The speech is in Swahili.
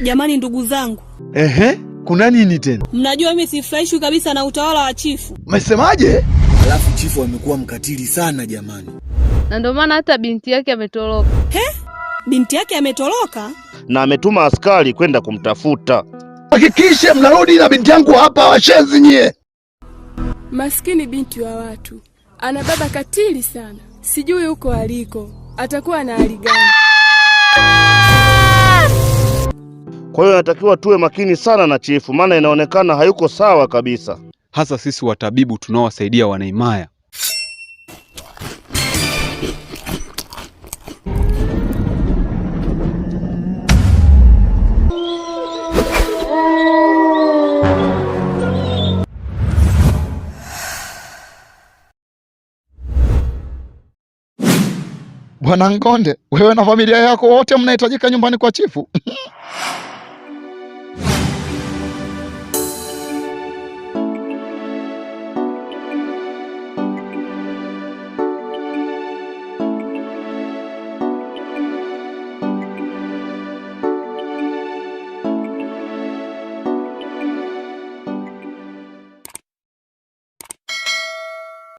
Jamani ndugu zangu, ehe, kuna nini tena? Mnajua mimi sifurahishwi kabisa na utawala wa chifu. Umesemaje? Alafu chifu amekuwa mkatili sana jamani, na ndio maana hata binti yake ametoroka. He? Binti yake ametoroka na ametuma askari kwenda kumtafuta. Hakikishe mnarudi na binti yangu hapa, washenzi nyie. Maskini binti wa watu, ana baba katili sana, sijui huko aliko atakuwa na hali gani. Kwa hiyo inatakiwa tuwe makini sana na chifu, maana inaonekana hayuko sawa kabisa, hasa sisi watabibu tunaowasaidia wanaimaya. Bwana Ngonde, wewe na familia yako wote mnahitajika nyumbani kwa chifu.